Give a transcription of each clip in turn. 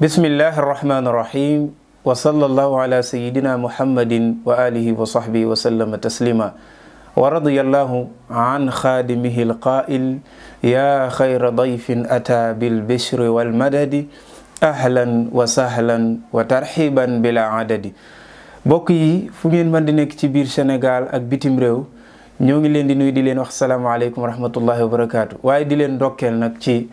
bismillahi irrahmani irrahim wa sallallahu ala sayidina muhammadin wa alihi wa sahbihi wa sallama taslima wa radiyallahu an xaadimihi alqaa'il yaa xayra dayfin ataa bilbishri walmadadi ahlan wa sahlan wa tarxiban bila adadi bokk yi fu ngeen mën di nekk ci biir Sénégal ak bitim réew ñoo ngi leen di nuyu di leen wax salaamaaleykum wa rahmatullahi wa barakaatu waaye di leen ndokkeel nag ci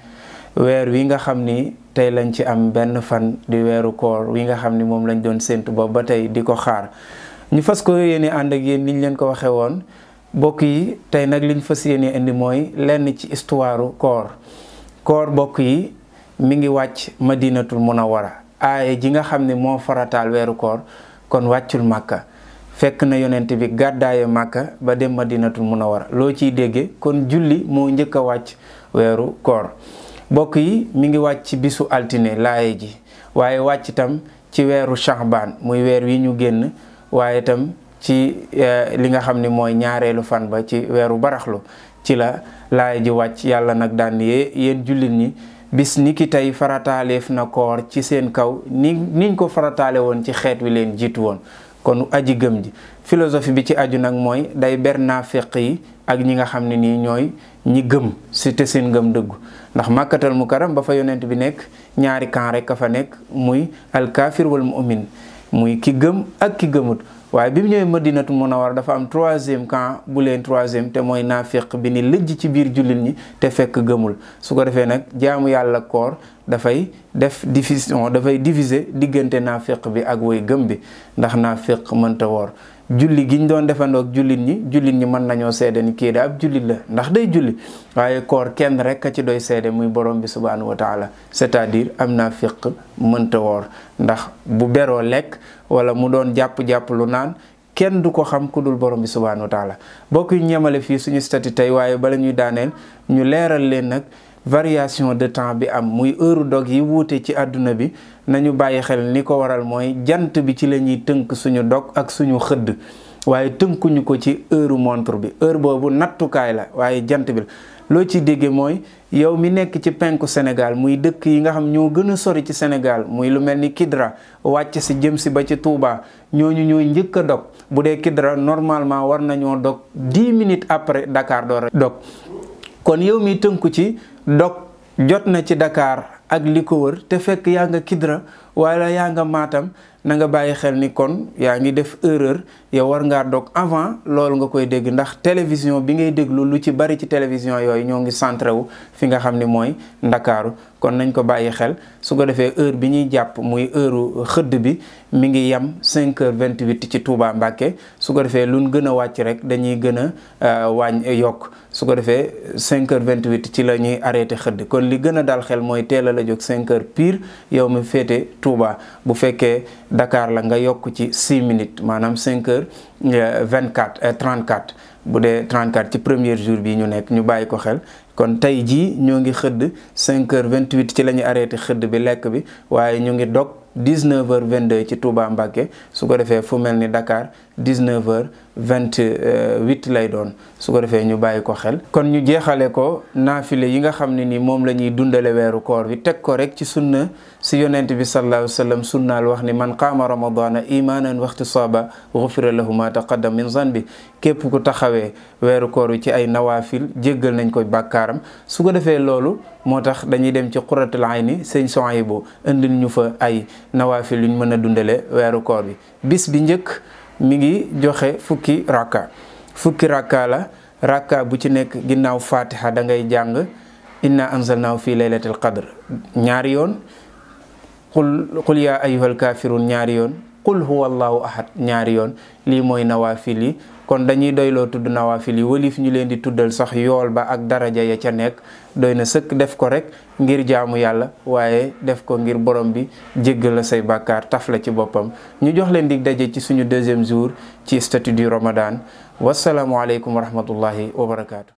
weer wi nga xam ni tey lañ ci am benn fan di weeru koor wi nga xam ni moom lañ doon séntu boobu ba tey di ko xaar ñu fas ko yéene ànd ak yéen niñ leen ko waxee woon bokk yi tey nag liñ fas yéene indi mooy lenn ci histoire koor koor bokk yi mi ngi wàcc ma dinatul madinatul munawara aaye ji nga xam ne moo farataal weeru koor kon wàccul màkka fekk na yonent bi gàddaaye màkka ba dem a munawara loo ciy dégge kon julli moo njëkk a wàcc weeru koor bokk yi mu ngi wàcc bisu altine laaye ji waaye wàcc tam ci weeru Shahbaan muy weer wi ñu génn waaye tam ci eh, li nga xam ni mooy ñaareelu fan ba ci weeru baraxlu ci la laaye ji wàcc yàlla nag daan yee yéen jullit ñi bis ni ki tey farataaleef na koor ci seen kaw ni niñ ko farataale woon ci xeet wi leen jiitu woon kon aji gëm ji philosophie bi ci aju nag mooy day ber naa feq yi ak ñi nga xam ne nii ñooy ñi gëm si te seen ngëm dëggu ndax màkkatal mukarram ba fa yonent bi nekk ñaari camp rek a fa nekk muy alkaafir wal mu'min muy ki gëm ak ki gëmut waaye bi mu ñëwee a war dafa am troisième kan bu leen troisième te mooy naafiq bi ni lëjj ci biir jullit ñi te fekk gëmul su ko defee nag jaamu yàlla koor dafay def division dafay diviser diggante naafiq bi ak woy gëm bi ndax naafiq mënta woor julli gi ñu doon defandoog jullit ñi jullit ñi mën nañoo seede ni kii de ab jullit la ndax day julli waaye koor kenn rek a ci doy seede muy borom bi subhanahu wa taala c'est-à-dire am naa fiq mënta woor ndax bu beroo lekk wala mu doon jàpp-jàpp lu naan kenn du ko xam ku dul borom bi subhanahu wa taala bokk ñu ñemale fii suñu statut tey waaye bala ñuy daaneel ñu leeral leen nag variation de temps bi am muy heure dog yi wuute ci àdduna bi nañu bàyyi xel ni ko waral mooy jant bi ci la ñuy tënk suñu dog ak suñu xëdd waaye tënkuñu ko ci heure montre bi heure boobu nattukaay la waaye jant bi la loo ci dégge mooy yow mi nekk ci penku Sénégal muy dëkk yi nga xam ñoo gën a sori ci Sénégal muy lu mel ni Kidra wàcc si jëm si ba ci Touba ñooñu ñooy njëkk a dog bu dee Kidra normalement war nañoo dog 10 minutes après Dakar door a dog dog jot na ci dakaar ak li ko wër te fekk yaa nga Kidira wala yaa nga Matam na nga bàyyi xel ni kon yaa ngi def erreur yow war ngaa dog avant loolu nga koy dégg ndax télévision bi ngay déglu lu ci bari ci télévision yooyu ñoo ngi centré wu fi nga xam ni mooy ndakaaru kon nañ ko bàyyi xel su ko defee heure bi ñuy jàpp muy heure xëdd bi mi ngi yem 5 vingt 28 ci Touba Mbacké su ko defee luñ gën a wàcc rek dañuy gën a euh, wàññ yokk su ko defee 5 vingt 28 ci la ñuy arrêté xëdd kon li gën a dal xel mooy teelal a la jóg 5 pire yow mi féete Touba Dakar la nga yokk ci 6 minutes maanaam 5 heures 24 euh, 34 bu dee 34 ci premier jour bi ñu nekk ñu bàyyi ko xel kon tey jii ñoo ngi xëdd 5 vingt 28 ci la ñu arrêté xëdd bi lekk bi waaye ñu ngi dog 19 heures 22 ci Touba Mbacké su ko defee fu mel ni Dakar 19 heures 28 lay doon su ko defee ñu bàyyi ko xel. kon ñu jeexale ko naafile yi nga xam ne nii moom la ñuy dundale weeru koor bi teg ko rek ci sunna si yonent bi sallallahu alayhi wa sallam sunnaal wax ni man qaama ramadana imanan waxtisaaba gufira lahu ma taqaddam min zanbi képp ku taxawee taxawee weeru koor wi ci ay nawaafil jéggal nañ koy bàkkaaram su ko defee loolu moo tax dañuy dem ci quratul ayni sëñ Sohaybu indi ñu fa ay nawaafil yuñ mën a dundale weeru koor bi bis bi njëkk mi ngi joxe fukki rakka fukki rakka la rakka bu ci nekk ginnaaw fatiha da ngay jàng inna anzalnaahu fi laylatil qadr ñaari yoon qul qul yaa ayyuhal kaafiruun ñaari yoon qul huwa allahu ahad ñaari yoon lii mooy nawaafil yi kon dañuy doyloo tudd nawaafil yi walif ñu leen di tuddal sax yool ba ak daraja ya ca nekk doy na sëkk def ko rek ngir jaamu yàlla waaye def ko ngir borom bi jéggal la say bàkkaar taf la ci boppam ñu jox leen di daje ci suñu deuxième jour ci statut du ramadan wasalaamualeykum wa rahmatullahi wa barakaatu.